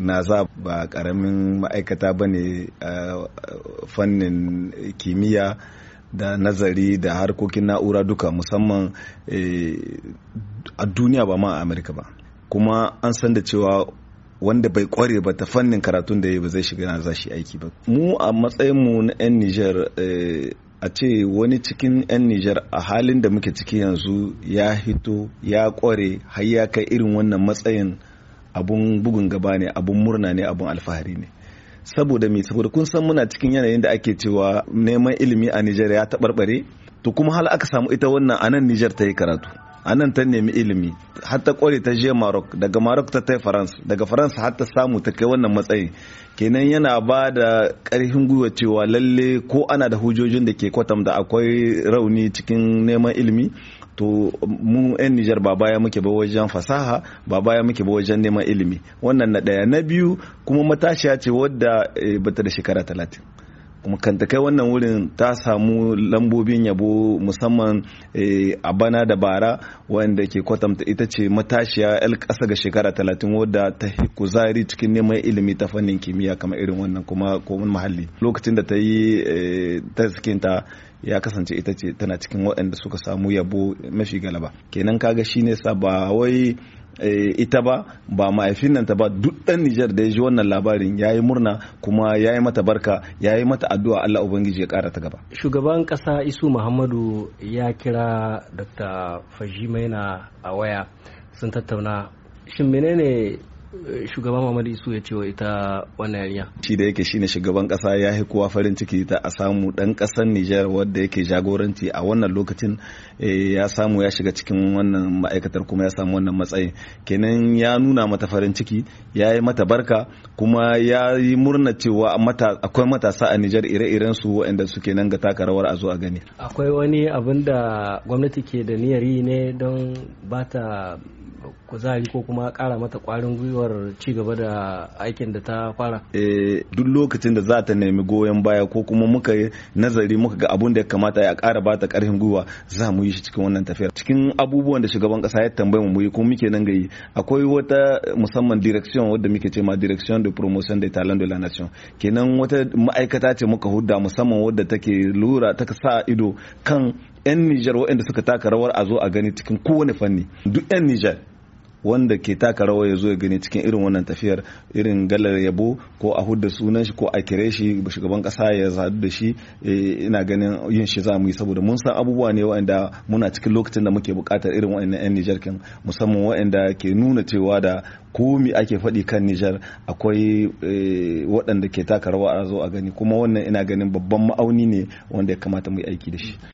nasa ba karamin ma'aikata ba ne a fannin kimiyya da nazari da harkokin na'ura duka musamman e, a duniya ba ma a amurka ba kuma an san da cewa wanda bai kware ba ta fannin karatun da ya ba zai shiga na za shi aiki ba mu a matsayinmu na 'yan nijar e, a ce wani cikin 'yan nijar a halin da muke ciki yanzu ya hito ya kware har ya kai irin wannan matsayin abun bugun gaba ne abun murna ne abun alfahari ne saboda me saboda kun san muna cikin yanayin da ake cewa neman ilimi a Nijar ya taɓarɓare to kuma hal aka samu ita wannan a nan Nijar ta yi karatu a nan ta nemi ilimi har ta kware ta je Maroc daga Maroc ta tai France daga France har ta samu ta kai wannan matsayin kenan yana ba da ƙarfin gwiwa cewa lalle ko ana da hujojin da ke kwatam da akwai rauni cikin neman ilimi to mu 'yan Nijar ba baya muke ba wajen fasaha ba baya muke ba wajen neman ilimi wannan na ɗaya na biyu kuma matashiya ce wadda eh, bata da shekara talatin kuma kantakai wannan wurin ta samu lambobin yabo musamman eh, a bana da bara wanda ke kwatanta ita ce matashiya 'yar kasa ga shekara talatin wadda ta kuzari cikin neman ilimi ta fannin kimiyya kamar irin wannan kuma komin muhalli lokacin da ta yi eh, ta ta ya kasance ita ce tana cikin waɗanda suka samu yabo mafi galaba kenan kaga shine sa ba Eh, ita ba ba mahaifin nan ta ba duk dan Nijar da ya ji wannan labarin ya yi murna kuma ya yi mata barka ya yi mata addu'a Allah Ubangiji ya kara ta gaba. Shugaban kasa Isu Muhammadu ya kira Dr. Fajimaina a waya sun tattauna shin menene shugaban Muhammadu Isu ya ce wa ita wannan yarinya. Shi da yake shine shugaban kasa ya yi kowa farin ciki ta a samu dan kasar Nijar wanda yake jagoranci a wannan lokacin eh, ya samu ya shiga cikin wannan ma'aikatar kuma ya samu wannan matsayin. Kenan ya nuna mata farin ciki, ya yi mata barka kuma ya yi murna cewa akwai matasa a Nijar ire-iren su waɗanda suke nan ga taka rawar a zo a gani. Akwai wani abin da gwamnati ke da niyyar yi ne don ba ta kuzari ko kuma kara mata kwarin gwiwa gwiwar ci gaba da aikin da ta fara eh, duk lokacin da za ta nemi goyon baya ko kuma muka yi nazari muka ga abun da ya kamata ya ƙara bata ƙarfin gwiwa za mu yi shi cikin wannan tafiyar cikin abubuwan da shugaban kasa ya tambaye mu yi ko muke nan gayi akwai wata musamman direction wadda muke ce ma direction de promotion de talent de la nation kenan wata ma'aikata ce muka hudda musamman wadda take lura ta sa ido kan 'yan Nijar waɗanda suka taka rawar a zo a gani cikin kowane fanni duk 'yan Nijar wanda ke taka rawa ya zo ya gani cikin irin wannan tafiyar irin galar yabo ko a hudda sunan shi ko a kire shi shugaban kasa ya sadu da shi eh, ina ganin yin shi za mu yi saboda mun san abubuwa ne wa'anda muna cikin lokacin da muke buƙatar irin waɗannan 'yan Nijar kin musamman wa'anda ke nuna cewa da komi ake faɗi kan Nijar akwai eh, waɗanda ke taka rawa a zo a gani kuma wannan ina ganin babban ma'auni ne wanda ya kamata mu yi aiki da shi.